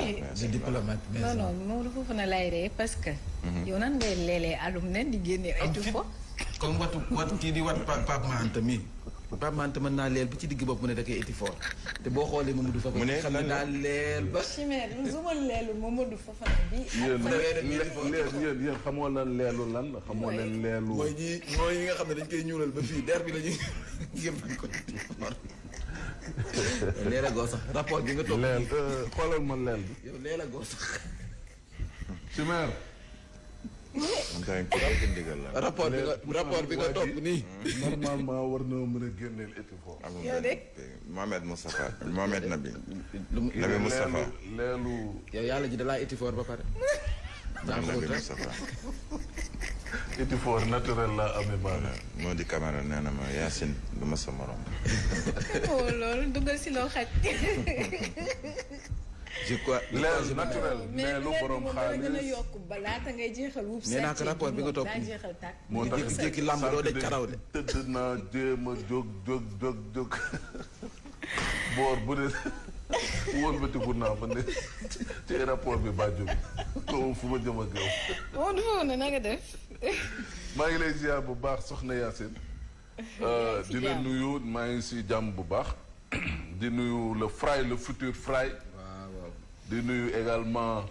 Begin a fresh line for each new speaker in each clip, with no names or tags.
du diplomate mais non non
Maodo foofu na lay ree parce que. Mhm. yow nan ngay leelee alum nen di génne etu
ko. comme watu wat kii di wat Pape Mante mi Pape Mante naa leel ba ci digg bopp mu ne da koy eti fort te boo xoolee Mamadou Fafa. mu ne xam ne daal leel ba.
chimère su ma leelul Mamadou Fafa bi.
yéen yéen xamoo leen leelu lan la xamoo leen leelu. mooy ñi mooy nga xam ne dañ koy ñuulal ba fii der bi la ñuy di ko.
léeg-léeg goo sax rapport bi nga toog. leel euh, xoolal ma leel
bi. yow léeg bi nga rapport
war na mën a génneel étu
foofu. yow de. Mohamed Moustapha Mohamed Nabi. Nabi
leelu yàlla ji dalaa étu ba pare.
Nabi
ah. Moustapha. iti foor naturel la amee baana. moo di Camara nee na ma Yacine du ma sa morom.
oh loolu dugal si loo xaj.
je
crois naturel. mais lu borom xaalis mais gën a yokk
ba laata ngay naa ko rapport bi nga topp moo tax
bu ne. ba tegu naa ba ne ci rapport bi baa jóg. kooku ma jëm ak yow.
woon na na nga def.
maa ngi lay ziar bu baax soxna Yacine.
Euh, di la
nuyu maa ngi si jàmm bu baax. di nuyu le Fray le futur Fray. waaw di nuyu également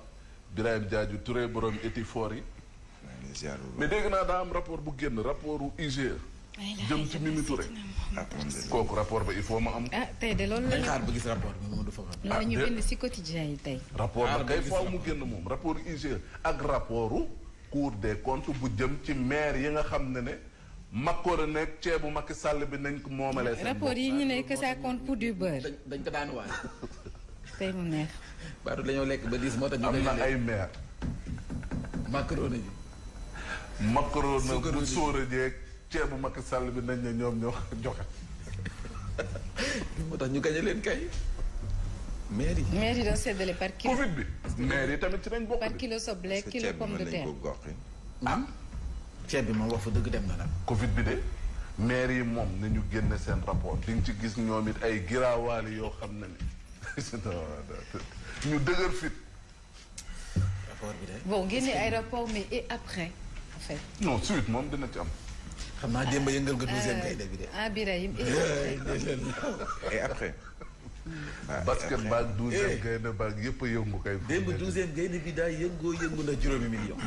Birahim Diadio Touré borom Etifor yi. mais dégg naa daa am rapport bu génn rapport u jëm ci Mimi Touré. kooku rapport ba il faut ma am. ah
tey de loolu la ñu. ñu ah, bind si quotidien yi tey.
rapport ba kay faaw mu génn moom rapport IGE ak rapportu. cour des comptes bu jëm ci maire yi nga xam ne ne makkoor nekk ceebu Macky Sall bi nañ ko moomalee
yi ñu ne que ça compte pour du beurre. dañ ko daan waay. tey mu neex.
Badou
dañoo lekk ba diis moo tax ñu am na ay
maire. macaroni ji. macaroni bu sóora jeeg ceebu Macky Sall bi nañ ne ñoom ñoo joxe. moo tax ñu gañe leen kay.
maire yi maire yi doon séddale
Covid bi maire yi tamit ci lañ bokk. par
kilo soble kilo pomme de terre
hmm? ah. ceeb bi moom wax fa dëgg dem na nag. Covid bi de maire yi moom nañu génne seen rapport. di nga ci gis ñoom it ay giraawaali yoo xam na ne ñu dëgër fit. rapport bi de. bon
génne ay rapport mais et après
en suite moom dina ci am. xam naa démb yëngal nga douzième kay euh, de bi
de. ah Birahim
et après. basketball ah, douzième eh. gaynde baag yëpp a yëngu kay. démb
douzième gaynde bi daay yëngoo yëngu na juróomi million.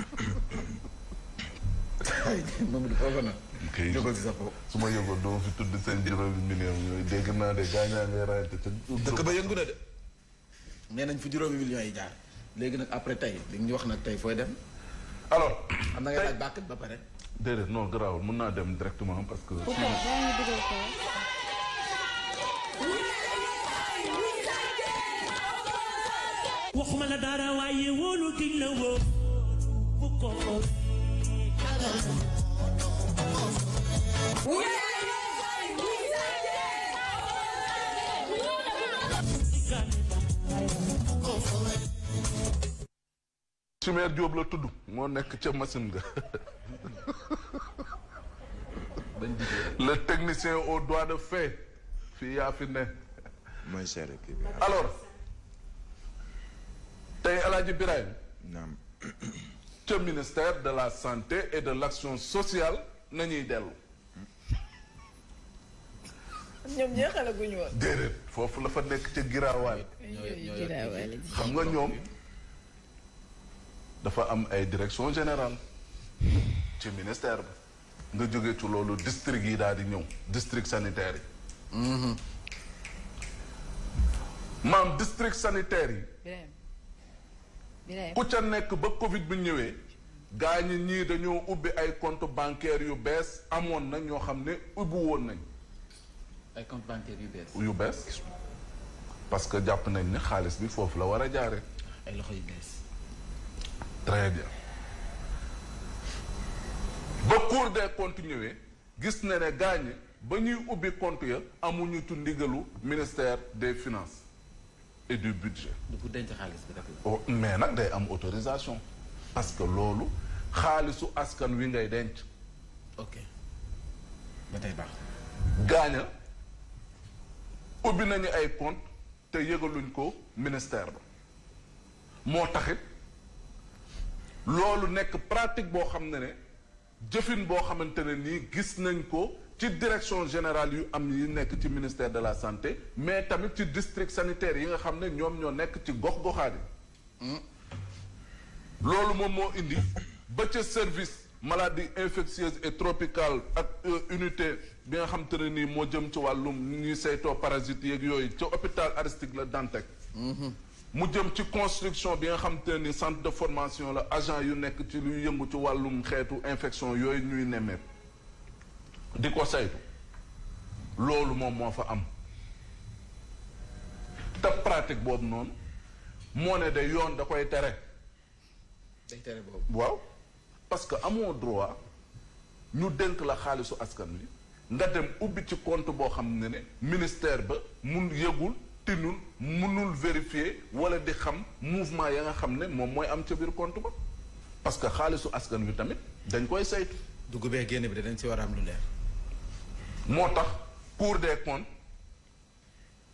moom it foofu na. su ma yëngoon doo fi tudd juróomi million yooyu dégg naa de gaañaa ngay raayante te. dëkk ba yëngu na de. nee nañ fu juróomi millions
yi jaar. léegi nag après tey li ñu wax nag tey fooy dem. alors am na ngay laaj bàkk ba
pare. déedéet non garaawul mun naa dem directement parce que.
waxuma la dara waaye wóolu giñ la wóolu
bu ko
Sumer Diop la tudd moo nekk ca machine ga le technicien au doigt de fait fii yaa fi ne. mooy tey El Hadj Birahim ministère de la santé et de l'action sociale nañuy dellu.
ñoom jeexal guñu woon.
déedéet foofu la fa nekk ca giraawaale. xam nga ñoom dafa am ay direction général ci ministère bi. nga jóge ci loolu district yi daal di ñëw district sanitaire
yi. Mhm.
maam district sanitaire
yi. ku
ca nekk ba Covid bi ñëwee. gaa ñi ñii dañoo ubbi ay compte bancaire yu bees amoon na ñoo xam ne ubbi woon nañ. ay compte bancaire yu bees. yu que jàpp nañ ni xaalis bi foofu la war a jaare ay loxo yu bees. ba Cour des comptes ñëwee gis na ne gaañ ba ñuy ubbi compte ya amuñu tu ndigalu ministère des finances. et du budget. pour denc xaalis bi oh, mais nag day am autorisation. parce que loolu xaalisu askan wi ngay denc. ok ba tey baax. gaaña ubbi nañu ay compte te yëgaluñ ko ministère ba moo taxit loolu nekk pratique boo xam ne ne jëfin boo xamante ne nii gis nañ ko. ci direction générale yu am yi nekk ci ministère de la santé mais tamit ci district sanitaire yi nga xam ne ñoom ñoo nekk ci gox-goxaani hmm? loolu moom moo indi ba ca service maladie infectieuse et tropicale ak euh, unité bi nga xam te ne nii moo jëm ci wàllum ñuy saytoo parasites yeeg yooyu ci hôpital Aristide la Dantec hmm. mu jëm ci construction bi nga xam te ni centre de formation la agent yu nekk ci luy yëngu ci wàllum xeetu infection yooyu ñuy nemmeeku. di ko saytu loolu moom moo fa am te pratique boobu noonu moo ne de yoon da koy tere. day tere boobu waaw parce que amoo droit ñu dénk la xaalisu askan wi nga dem ubbi ci compte boo xam ne ne ministère ba mun yëgul tinul munul vérifier wala di xam mouvement ya nga xam ne moom mooy am ca biir compte ba parce que xaalisu askan wi tamit dañ koy saytu. dugg bee génn bi danañ ci war a lu leer. moo tax Cour des comptes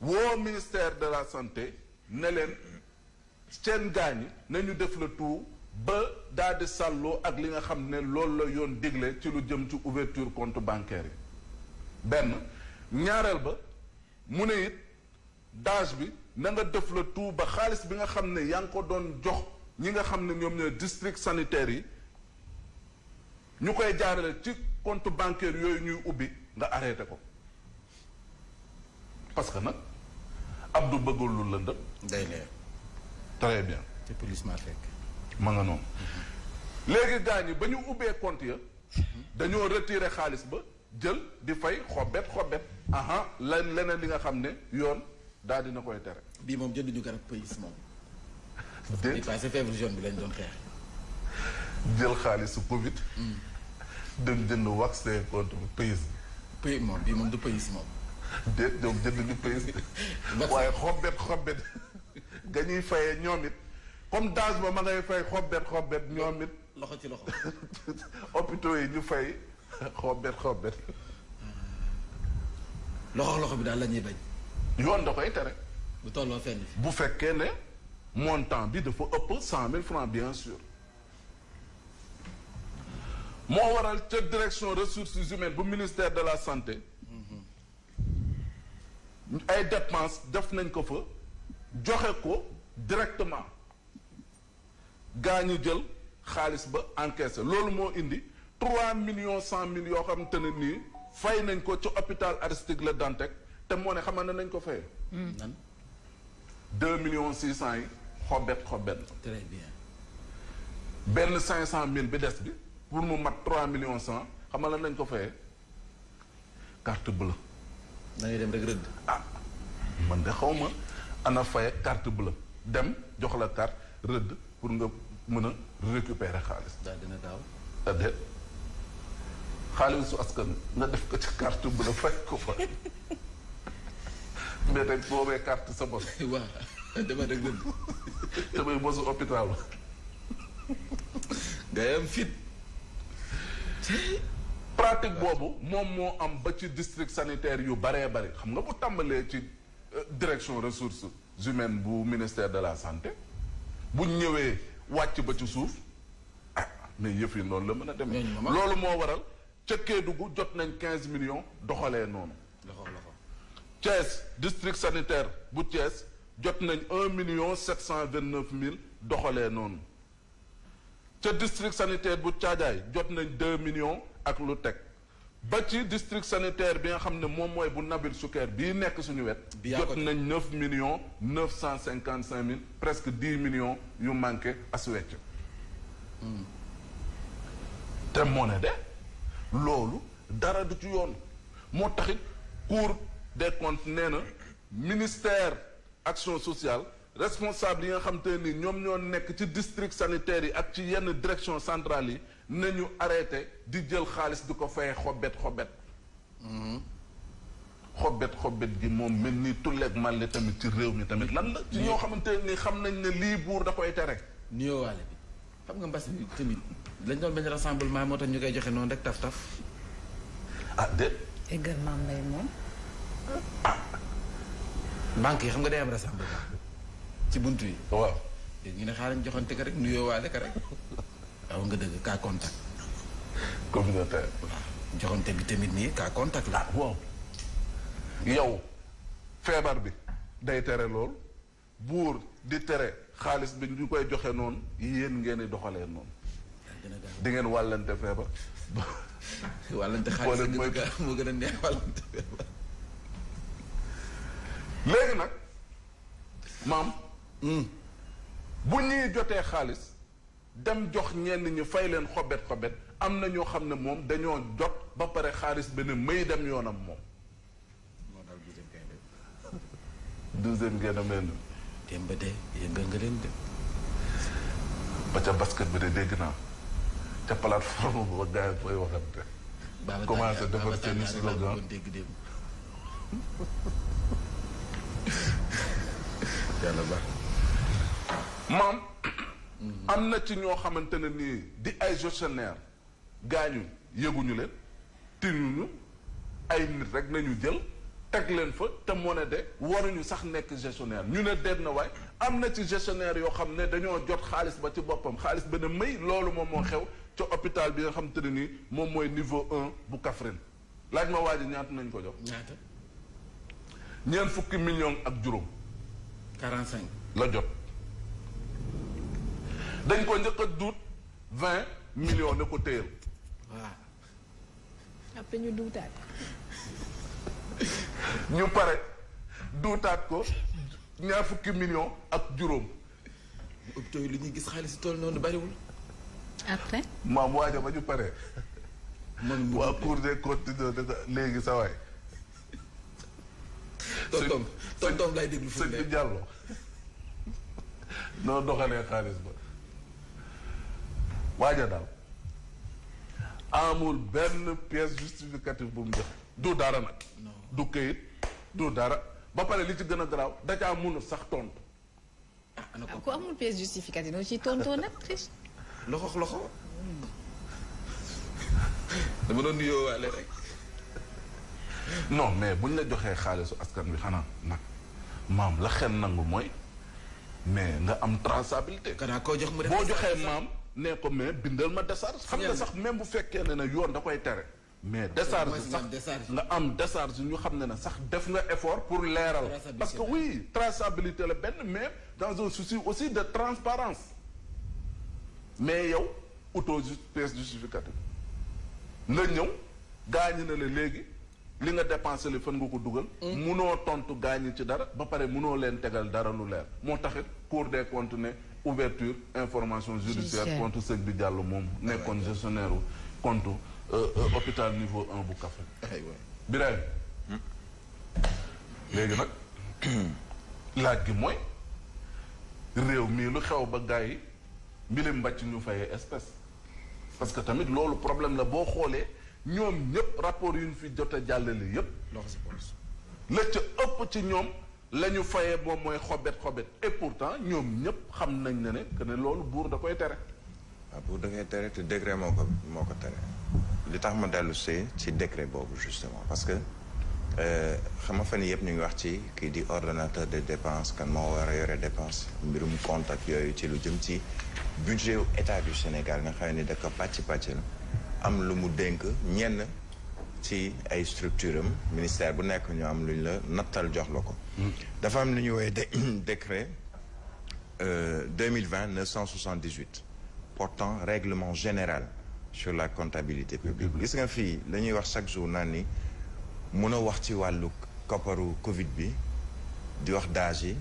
woo ministère de la santé ne leen seen gaañi nañu def le tout ba daal di sàlloo ak li nga xam ne loolu la yoon digle ci lu jëm ci ouverture compte bancaire yi benn ñaareel ba mu ne it daage bi na nga def la tout ba xaalis bi nga xam ne yaa ngi ko doon jox ñi nga xam ne ñoom ñooy district sanitaire yi ñu koy jaarale ci compte bancaire yooyu ñuy ubbi nga arrêté ko parce que nag Abdou bëggul lu lëndëm. day leer. très bien. te police ma nga noonu. léegi gaa ñi ba ñu ubbee compte ya dañoo retiré xaalis ba jël di fay xobet xobet. aha lan leneen li nga xam ne yoon daal dina koy tere. bii moom jënduñu garab police moom.
déet parce que feebar jaune bi lañ doon xeex.
jël xaalisu Covid. Mm. dem jënd wax seen compte pays pëy moom bii moom du pëyis moom. déet donc jënd du pëyis waaye xobbet xobbet ga ñuy fayee ñoom it comme daas ba ma ngay fay xobbet xobbet ñoom it. loxo ci loxo. hôpitaux yi ñu fay xobbet xobbet. loxo loxo bi daal la ñuy bañ. yoon da koy tere. bu tolloo fenn. bu fekkee ne montant bi dafa ëpp cent mille francs bien sûr. moo waral ca direction ressources humaines bu ministère de la santé ay dépenses def nañ ko fa joxe ko directement gaa ñi jël xaalis ba encaissé loolu moo indi trois millions cent mille yoo xam te ne nii fay nañ ko ci hôpital Aristide Le Dantec te moo ne na nañ ko fayee deux millions cent yi xobet xobet très benn cinq cent mille bi des bi pour mu mat 3 millions 100 xam nga lan lañ ko fayee carte bleue. da ngay dem rek rëdd. ah man de xaw ma ana faye carte bleue dem jox la carte rëdd pour nga mën a récupérer xaalis. daal dina gaaw. c'est-à-dire ah, xaalisu askan nga def ko ci carte bleue fay ko fa mais tey sa bos. waaw dama rek rëdd. damay nga yam fit. pratique boobu moom moo am ba ci district sanitaire yu baree bari xam nga bu tàmbalee ci euh, direction ressources humaines bu ministère de la santé bu ñëwee wàcc ba ci suuf ah mais yëf yi la mën a demee. loolu moo waral ca Kédougou jot nañ quinze millions doxalee noonu. Thiès district sanitaire bu Thiès jot nañ un million sept cent vingt neuf mille doxalee noonu. ca district sanitaire bu Thiadiaye jot nañ deux million ak lu teg ba ci district sanitaire bi nga xam ne moom mooy bu Nabil Souker bii nekk suñu wet jot nañ neuf million neuf cent cinquante cinq mille presque dix million yu manqué aswecc hmm. te moo ne de loolu dara du ci yoon moo taxit Cour des comptes nee na ministère action sociale responsable yi nga xam te ni ñoom ñoo nekk ci district sanitaire yi ak ci yenn direction centrale yi nañu arrêté di jël xaalis di ko fay xobet xobet mhm. xobet xobet gi moom mel nii ni tulleeg màlle tamit ci réew mi tamit lan la ci ñoo xamante ni xam nañ ne lii buur da koy tere nuyoowaale bi xam nga mbasi bi tamit lañ doon benn rassemblement moo tax ñu koy
joxe noonu rek taf taf ah déet
également mbay moom ah.
banque yi xam nga day am rassemblement ci bunt yi. waaw léegi ñu ne xaaral ñu joxante ka rek nu waale ka rek waaw nga dëgg cas contact.
joxante bi tamit nii cas contact la. Ah, waaw yow feebar bi day tere lool buur di tere xaalis bi ñu koy joxe noonu yéen ngeen di doxalee noonu. di ngeen wàllante feebar. wàllante xaalis bi moo gën a neex wàllante feebar. léegi nag maam. bu ñuy jotee xaalis dem jox ñenn ñu fay leen xobet xobet am na ñoo xam ne moom dañoo jot ba pare xaalis bi ne may dem yoonam moom. moo tax douzième gaynde. douzième gaynde mel na. démb de yëngal leen de. ba ca basket bi de dégg naa ca plateforme ba gars yi fooy waxante. baaba
commencé defar seen
slogan yàlla maam am na ci ñoo xamante ne nii di ay gestionnaire gaañu yëguñu leen tinuñu ay nit rek nañu jël teg leen fa te moo ne de waruñu sax nekk gestionnaire ñu ne deet na waay am na ci gestionnaire yoo xam ne dañoo jot xaalis ba ci boppam xaalis ba ne may loolu moom moo xew ca hôpital bi nga xam ne nii moom mooy niveau un bu Kaffrine laaj ma waa ji ñaata nañ ko jox. ñaata. ñeent fukki million ak juróom. 45 la jot. dañ ko njëkk a duut vingt millions ne ko téyel waaw
après ñu duutaat
ñu pare duutaat ko ñaar fukki millions ak juróom hôpitaux yi li ñuy gis xaalis tool noonu bariwul après maam waaja ba ñu pare waa cour des comptes de léegi sa waay tontom tontom lay déglu fu sëñ bi jàlloo noo doxalee xaalis ba waaja daal amul benn pièce justificative bu mu jox du dara nag du këyit du dara ba pare li ci gën a garaaw da caa mun sax tontu
ah, ah, ku amul pièce justificative noonu ci tontoo nag
loxo loxo dama doon nuyoo rek non mais buñ la joxee xaalisu askan wi xanaa nag maam la xel nangu mooy mais nga am trasabilité kanaa koo jox mu def boo joxee maam. nee ko mais bindal ma décharge. xam nga sax même bu fekkee ne na yoon da koy tere. mais décharge sax nga am décharge ñu xam ne ne sax def nga effort pour leeral. parce que oui traçabilité la benn mais dans un souci aussi de transparence mais yow auto pièce justificative nga ñëw gaañu na la léegi. li nga dépensé li fan nga ko dugal. Mm. munoo tontu gaañi ci dara. ba pare munoo leen tegal dara lu leer. moo taxit Cour des comptes ne ouverture information judiciaire contre Seydou jàll moom nekkoon gestionnaire compte euh, euh, hôpital niveau 1 bu Kaffrine eh, Birahim hmm? léegi nag laaj gi mooy réew mii lu xew ba gars yi mbilim mbàcc ñu fayee espèce parce que tamit loolu problème la boo xoolee ñoom ñëpp rapport yu ñu fi jot jàllale yépp la ca ëpp ci ñoom la ñu fayee moom mooy xobet xobet et pourtant ñoom ñëpp xam nañ ne ne que ne loolu buur da koy tere.
waaw ah, buur da koy tere te décret moo ko moo ko tere li tax ma dellu see ci décret boobu justement parce que euh, xam nga fan yëpp ñu ngi wax ci kii di ordonnateur des dépense kan moo war a yore dépense mbirum compte yooyu ci lu jëm ci budget état du Sénégal nga xam ni da ko pàcc pàcc la am lu mu dénk ñenn. ci ay structure am ministère bu nekk ñoo am lu ñu la nattal jox la ko hmm. dafa am lu ñu woowee décret euh, deux mille vingt neuf cent soixante dix huit portant règlement général sur la comptabilité publique gis nga fii la ñuy wax chaque jour naan ni mun a wax ci wàllu kopparu covid bi di wax daaj yi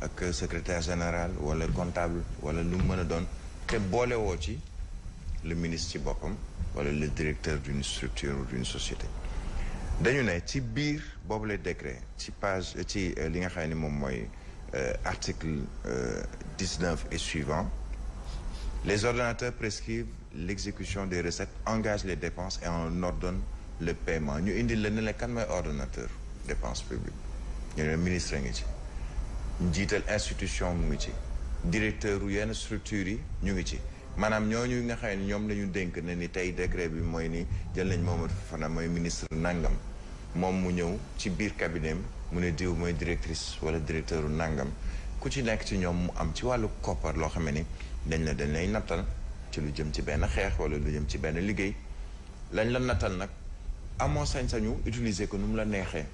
ak secretaire général wala comptable wala lu mën a doon te boolewoo ci le ministre ci boppam wala le directeur d'une structure ou d'une société dañu ne ci biir boobu le décret ci page ci euh, li nga xam ni moom mooy euh, article euh, dix-neuf et suivant les ordonnateurs prescrivent l'exécution des recettes engagent les dépenses et en ordonnent le paiement ñu indi la ne la kan mooy ordonnateur dépense publique ñu ne ministre ngi ci njiital institution mu ngi ci directeur u yenn structures yi ñu ngi ci maanaam ñooñu nga xam ne ñoom la ñu dénk ne ni tey décret bi mooy ni jël nañ Mamadou Fofana mooy ministre nangam moom mu ñëw ci biir cabinet mu ne diw mooy directrice wala directeur nangam ku ci nekk ci ñoom mu am ci wàllu koppar loo xam ne ni dañ la dañ lay nattal ci lu jëm ci benn xeex wala lu jëm ci benn liggéey lañ la nattal nag amoo sañ-sañu utiliser ko nu mu la neexee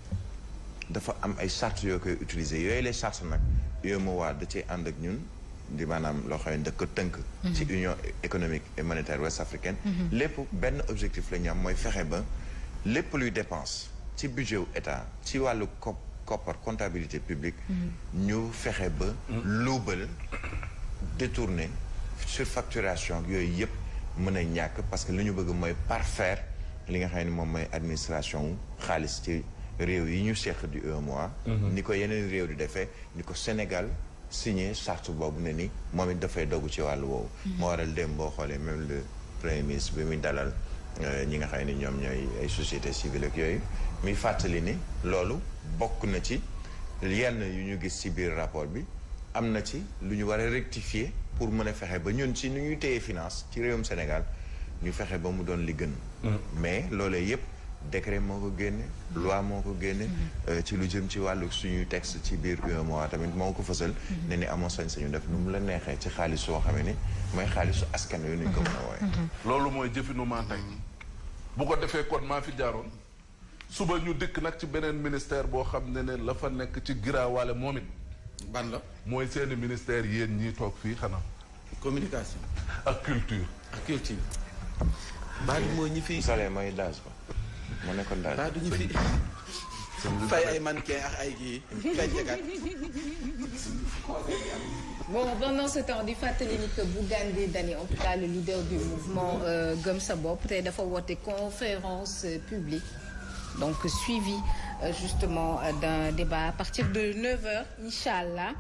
dafa am ay charte yoo koy utiliser yooyu lay chartes nag yooyu moo da cee ànd ak ñun di maanaam loo xam ne da ko tënk. Mhm. ci union économique et monétaire ouest africaine. Mhm. lépp benn objectif la ñu am mooy fexe ba lépp luy dépense ci budget wu état ci wàllu cop koppar comptabilité publique. Mhm. ñu fexe ba. luubal détourner facturation yooyu yëpp mën a ñàkk parce que lu ñu bëgg mooy parfaire li nga xam ne moom mooy administration wu xaalis ci réew yi ñu seq du UEMOA. ni ko yeneen réew di defee ni ko Sénégal. signé charte boobu ne ni moom it dafay dogu ci wàllu woowu. Mhm. moo waral dem boo xoolee même le premier ministre bi muy dalal euh, ñi nga xam ni ñoom ñooy ay société civile ak yooyu muy fàttali ni loolu bokk na ci yenn yu ñu gis ci biir rapport bi am na ci lu ñu war a rectifier pour mën a fexe ba ñun ci nu ñuy téye finance ci réewum Sénégal ñu fexe ba mu doon li gën. Mm. mais loolee yëpp. décret moo ko génne loi moo ko génne euh, ci lu jëm ci wàllu suñu texte ci biir UEMOA tamit moo ko fësal ne ni amoo sañ-sañu def nu mu la neexee ci xaalis soo xamee ni mooy xaalisu askan wi nuñ ko mën a wooye loolu mooy jëfinuma tey
bu ko defee kon maa fi jaaroon suba ñu dëkk nag ci beneen ministère boo xam ne ne la fa nekk ci giraawaale moom it ban la mooy seeni ministère yéen ñii toog fii xanaa communication ak culture ak culture baa ngi mooy
ñi
fii mu ne ko daal waaw duñu fi fay ay mannequin ak ay kii gàncax.
bon pendant ce temps di fàttali ni que Bougane Gueye Dany en tout cas le leader du mouvement euh, Gëm sa bopp tey dafa woote conférence publique donc suivi euh, justement euh, d'un débat à partir de 9h incha allah.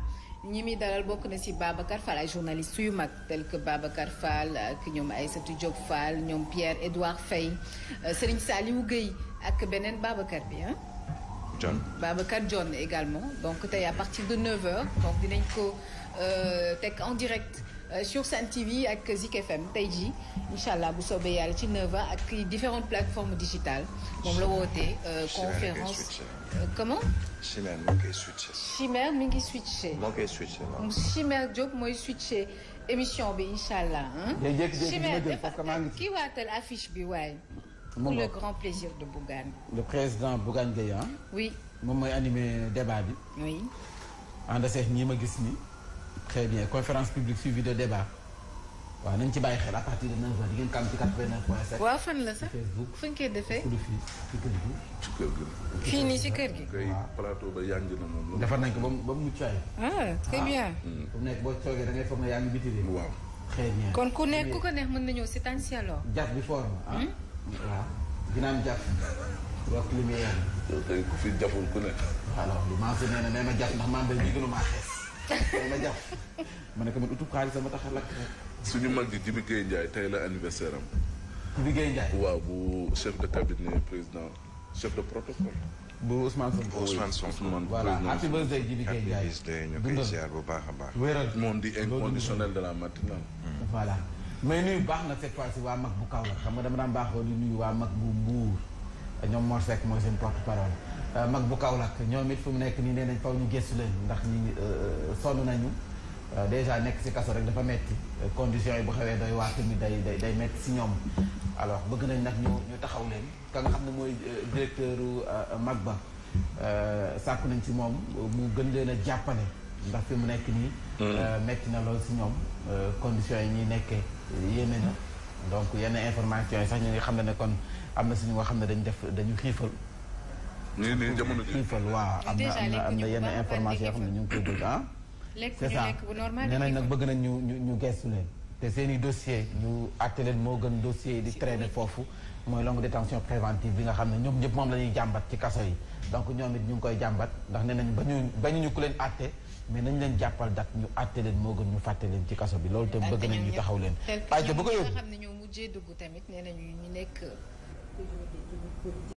ñi muy dalal bokk na ci Babacar Fall ay journalistes yu mag tel que Babacar Fall ak ñoom ay Aïssatou Diop Fall ñoom Pierre Édouard Faye euh, Serigne Saliou Gueye ak beneen Babacar bi ah. John Babacar John également donc tey à partir de 9h donc dinañ ko euh, teg en direct. Euh, sur Sen TV ak Zik FM tey jii incha allah bu soobee yàlla ci Neva ak différentes plateformes digitales moom la wootee. Euh, conférence euh, comment.
Chimère mi ngi koy switché.
Chimère mi ngi switché. moo koy
switché waaw.
Chimère Diop mooy switché émission bi incha allah. Chimère dafa kii waatal affiche bi waaye. pour le grand plaisir de Bougane.
le président Bougane Gueye oui moom mooy animé débat bi. oui. ànd seex ñi ma gis nii. très bien conférence publique suivie de débat. waaw nañ ci bàyyi xel à partir de 9h di waaw
fan la sax fu defee
fii nii ci kër gi. kay plateau ba yànj na moom. defar nañ ko ba mu ba mu mucc ayib.
Ah, très ah. bien.
Hmm. boo toogee da ngay foog ne waaw très bien. kon ku nekk ku
ko neex mën na ñëw si tànn si alors.
jaf bi fort na ah. Hmm? waaw dina am jaf. yokk li muy yàgg. yow tey ku fi jaful ku ne. maa fi nee ma jaf ndax maa mbay mi gënu maa xees. tey ma jàpp ma ne ko man utub xaalis sama tax a lakk
suñu mag di Jibi Gueye Ndiaye tey la anniversaire am. Jibi Gueye Ndiaye. waaw bu chef de cabinet président chef de protocole. bu Ousmane Sonko. Ousmane Sonko voilà bu baax a baax. wéeral moom di inconditionnel de la matinale.
Mm. voilà mais baax na cette fois ci waa mag bu kaw la xam nga dama daan baaxoo di nuyu waa mag bu mbuur ñoom moo fekk mooy seen porte parole. Euh, mag bu Kaolack ñoom it fu mu nekk nii nee nañ faw ñu gëstu leen ndax ñi euh, sonn nañu euh, déjà nekk ci kaso rek dafa metti conditions yi bu xawee doy waar mi day day day metti ci ñoom alors bëgg nañ nag ñu ñu taxaw leen ka xam ne mooy directeur mag ba sàkku nañ ci moom mu gën leen a jàppale ndax fi mu nekk nii mm. metti na lool ci ñoom conditions yi ñuy nekkee yéeme na donc yenn information yi sax ñu ngi xam ne ne kon am na suñu nga xam ne dañ def dañu xiifal
nii nii jamono ji waa
am na am na am
na yenn information yoo xam ne ñu ngi koy
dégg ah. c'est
bëgg nañ ñu ñu ñu gestu leen. te seen i dossier ñu àtte leen moo gën dossier di traîner foofu mooy longue détention préventive bi nga xam ne ñoom ñëpp moom la ñuy jàmbat ci kaso yi donc ñoom ñu ngi koy jàmbat ndax nee nañ bañu bañu ñu ku leen àtte mais nañ leen jàppal dat ñu àtte leen moo gën ñu fàtte leen ci
kaso bi loolu te bëgg nañ ñu taxaw leen ay te bëgg a yóbbu